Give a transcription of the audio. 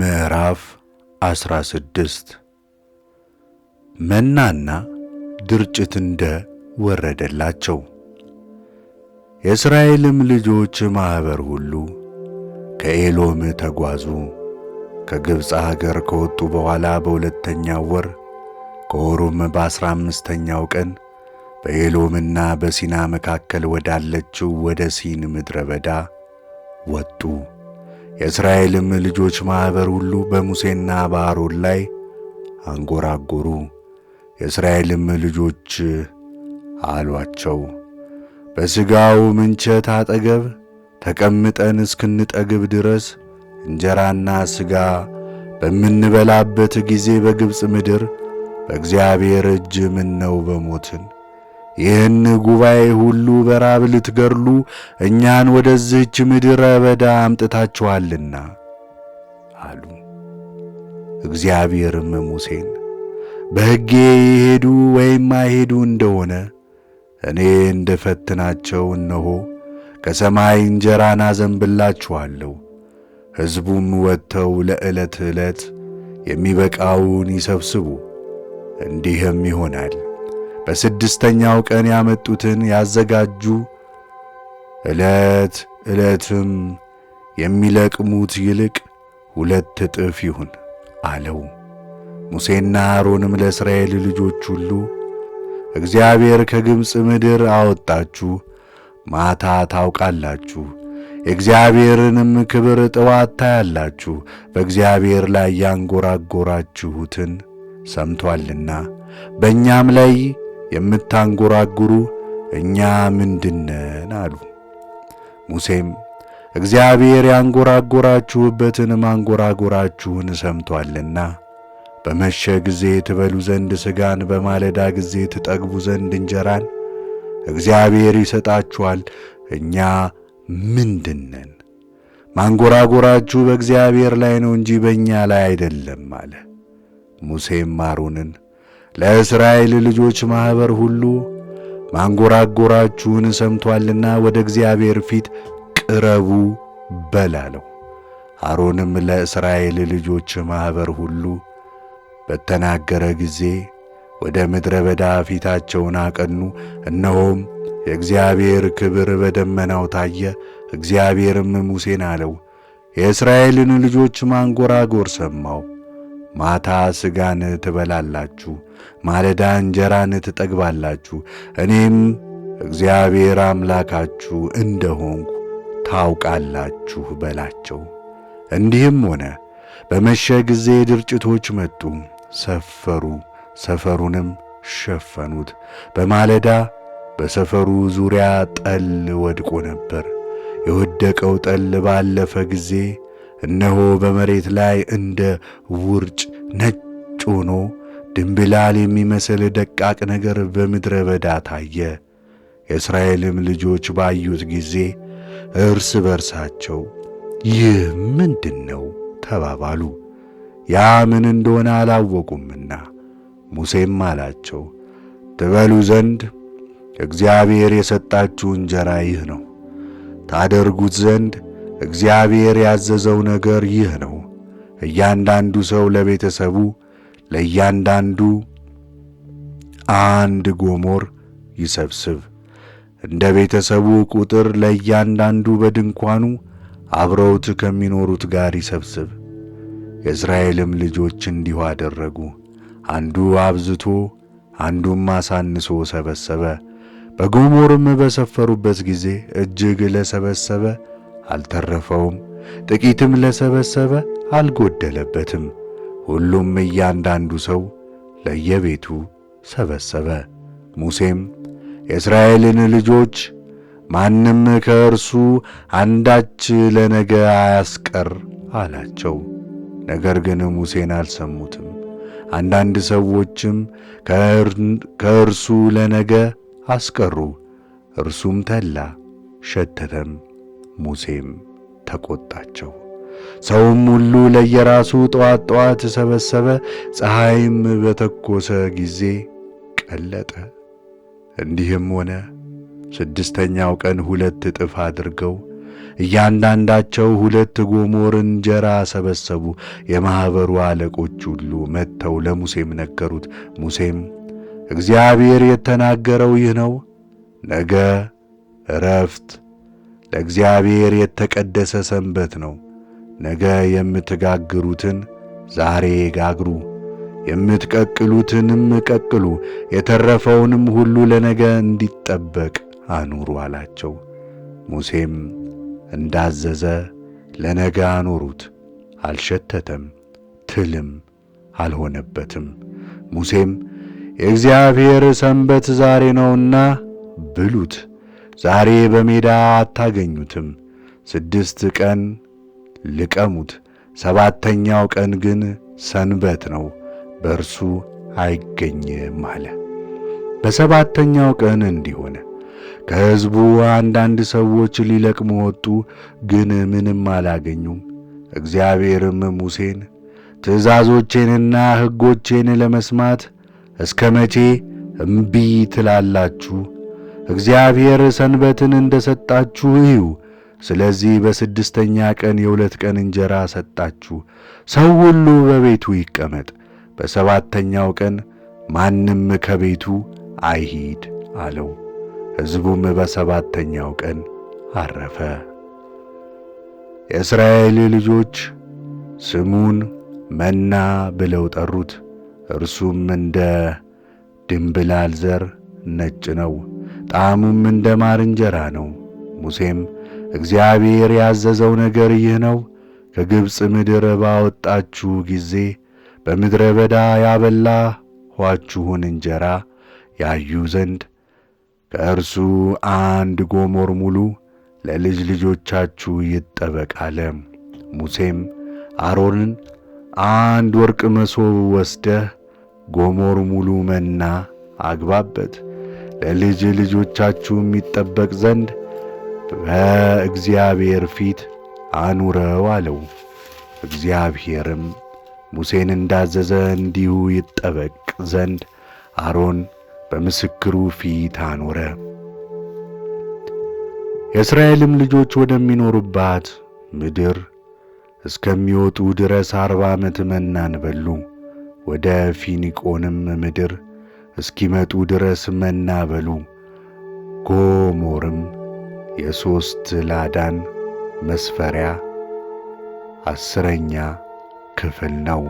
ምዕራፍ 16 መናና ድርጭት እንደ ወረደላቸው። የእስራኤልም ልጆች ማኅበር ሁሉ ከኤሎም ተጓዙ። ከግብፅ አገር ከወጡ በኋላ በሁለተኛው ወር ከወሩም በአሥራ አምስተኛው ቀን በኤሎምና በሲና መካከል ወዳለችው ወደ ሲን ምድረ በዳ ወጡ። የእስራኤልም ልጆች ማኅበር ሁሉ በሙሴና በአሮን ላይ አንጎራጎሩ። የእስራኤልም ልጆች አሏቸው፣ በሥጋው ምንቸት አጠገብ ተቀምጠን እስክንጠግብ ድረስ እንጀራና ሥጋ በምንበላበት ጊዜ በግብፅ ምድር በእግዚአብሔር እጅ ምነው በሞትን። ይህን ጉባኤ ሁሉ በራብ ልትገድሉ እኛን ወደዚህች ምድረ በዳ አምጥታችኋልና አሉ። እግዚአብሔርም ሙሴን በሕጌ ይሄዱ ወይም አይሄዱ እንደሆነ እኔ እንደፈትናቸው እነሆ ከሰማይ እንጀራን አዘንብላችኋለሁ። ሕዝቡም ወጥተው ለዕለት ዕለት የሚበቃውን ይሰብስቡ። እንዲህም ይሆናል በስድስተኛው ቀን ያመጡትን ያዘጋጁ ዕለት ዕለትም የሚለቅሙት ይልቅ ሁለት እጥፍ ይሁን አለው። ሙሴና አሮንም ለእስራኤል ልጆች ሁሉ እግዚአብሔር ከግብፅ ምድር አወጣችሁ፣ ማታ ታውቃላችሁ፣ የእግዚአብሔርንም ክብር ጥዋት ታያላችሁ፣ በእግዚአብሔር ላይ ያንጎራጎራችሁትን ሰምቶአልና በእኛም ላይ የምታንጎራጉሩ እኛ ምንድነን አሉ። ሙሴም እግዚአብሔር ያንጎራጎራችሁበትን ማንጎራጎራችሁን ሰምቶአልና በመሸ ጊዜ ትበሉ ዘንድ ሥጋን በማለዳ ጊዜ ትጠግቡ ዘንድ እንጀራን እግዚአብሔር ይሰጣችኋል። እኛ ምንድነን? ማንጎራጎራችሁ በእግዚአብሔር ላይ ነው እንጂ በእኛ ላይ አይደለም አለ። ሙሴም አሮንን ለእስራኤል ልጆች ማኅበር ሁሉ ማንጎራጎራችሁን ሰምቶአልና ወደ እግዚአብሔር ፊት ቅረቡ በላለው። አሮንም ለእስራኤል ልጆች ማኅበር ሁሉ በተናገረ ጊዜ ወደ ምድረ በዳ ፊታቸውን አቀኑ። እነሆም የእግዚአብሔር ክብር በደመናው ታየ። እግዚአብሔርም ሙሴን አለው፣ የእስራኤልን ልጆች ማንጎራጎር ሰማው። ማታ ሥጋን ትበላላችሁ ማለዳ እንጀራን ትጠግባላችሁ፣ እኔም እግዚአብሔር አምላካችሁ እንደሆንኩ ታውቃላችሁ በላቸው። እንዲህም ሆነ። በመሸ ጊዜ ድርጭቶች መጡ፣ ሰፈሩ፣ ሰፈሩንም ሸፈኑት። በማለዳ በሰፈሩ ዙሪያ ጠል ወድቆ ነበር። የወደቀው ጠል ባለፈ ጊዜ እነሆ በመሬት ላይ እንደ ውርጭ ነጭ ሆኖ ድንብላል የሚመስል ደቃቅ ነገር በምድረ በዳ ታየ። የእስራኤልም ልጆች ባዩት ጊዜ እርስ በርሳቸው ይህ ምንድን ነው ተባባሉ፣ ያ ምን እንደሆነ አላወቁምና። ሙሴም አላቸው ትበሉ ዘንድ እግዚአብሔር የሰጣችሁ እንጀራ ይህ ነው። ታደርጉት ዘንድ እግዚአብሔር ያዘዘው ነገር ይህ ነው። እያንዳንዱ ሰው ለቤተሰቡ ለእያንዳንዱ አንድ ጎሞር ይሰብስብ። እንደ ቤተሰቡ ቁጥር ለእያንዳንዱ በድንኳኑ አብረውት ከሚኖሩት ጋር ይሰብስብ። የእስራኤልም ልጆች እንዲሁ አደረጉ። አንዱ አብዝቶ አንዱም አሳንሶ ሰበሰበ። በጎሞርም በሰፈሩበት ጊዜ እጅግ ለሰበሰበ አልተረፈውም፣ ጥቂትም ለሰበሰበ አልጎደለበትም። ሁሉም እያንዳንዱ ሰው ለየቤቱ ሰበሰበ። ሙሴም የእስራኤልን ልጆች ማንም ከእርሱ አንዳች ለነገ አያስቀር አላቸው። ነገር ግን ሙሴን አልሰሙትም። አንዳንድ ሰዎችም ከእርሱ ለነገ አስቀሩ። እርሱም ተላ ሸተተም። ሙሴም ተቆጣቸው። ሰውም ሁሉ ለየራሱ ጠዋት ጠዋት ሰበሰበ፣ ፀሐይም በተኮሰ ጊዜ ቀለጠ። እንዲህም ሆነ ስድስተኛው ቀን ሁለት እጥፍ አድርገው እያንዳንዳቸው ሁለት ጎሞር እንጀራ ሰበሰቡ። የማኅበሩ አለቆች ሁሉ መጥተው ለሙሴም ነገሩት። ሙሴም እግዚአብሔር የተናገረው ይህ ነው፣ ነገ ዕረፍት ለእግዚአብሔር የተቀደሰ ሰንበት ነው ነገ የምትጋግሩትን ዛሬ ጋግሩ፣ የምትቀቅሉትንም ቀቅሉ፣ የተረፈውንም ሁሉ ለነገ እንዲጠበቅ አኑሩ አላቸው። ሙሴም እንዳዘዘ ለነገ አኖሩት፣ አልሸተተም፣ ትልም አልሆነበትም። ሙሴም የእግዚአብሔር ሰንበት ዛሬ ነውና ብሉት፣ ዛሬ በሜዳ አታገኙትም፣ ስድስት ቀን ልቀሙት። ሰባተኛው ቀን ግን ሰንበት ነው፣ በእርሱ አይገኝም አለ። በሰባተኛው ቀን እንዲሆነ ከህዝቡ ከሕዝቡ አንዳንድ ሰዎች ሊለቅሙ ወጡ፣ ግን ምንም አላገኙም። እግዚአብሔርም ሙሴን ትእዛዞቼንና ሕጎቼን ለመስማት እስከ መቼ እምቢ ትላላችሁ? እግዚአብሔር ሰንበትን እንደ ሰጣችሁ እዩ ስለዚህ በስድስተኛ ቀን የሁለት ቀን እንጀራ ሰጣችሁ፣ ሰው ሁሉ በቤቱ ይቀመጥ፣ በሰባተኛው ቀን ማንም ከቤቱ አይሂድ አለው። ሕዝቡም በሰባተኛው ቀን አረፈ። የእስራኤል ልጆች ስሙን መና ብለው ጠሩት። እርሱም እንደ ድንብላል ዘር ነጭ ነው፣ ጣዕሙም እንደ ማር እንጀራ ነው። ሙሴም እግዚአብሔር ያዘዘው ነገር ይህ ነው። ከግብፅ ምድር ባወጣችሁ ጊዜ በምድረ በዳ ያበላኋችሁን እንጀራ ያዩ ዘንድ ከእርሱ አንድ ጎሞር ሙሉ ለልጅ ልጆቻችሁ ይጠበቃለም ሙሴም አሮንን አንድ ወርቅ መሶብ ወስደህ ጎሞር ሙሉ መና አግባበት፣ ለልጅ ልጆቻችሁም ይጠበቅ ዘንድ በእግዚአብሔር ፊት አኑረው አለው። እግዚአብሔርም ሙሴን እንዳዘዘ እንዲሁ ይጠበቅ ዘንድ አሮን በምስክሩ ፊት አኖረ። የእስራኤልም ልጆች ወደሚኖሩባት ምድር እስከሚወጡ ድረስ አርባ ዓመት መናን በሉ። ወደ ፊኒቆንም ምድር እስኪመጡ ድረስ መና በሉ። ጎሞርም የሦስት ላዳን መስፈሪያ አስረኛ ክፍል ነው።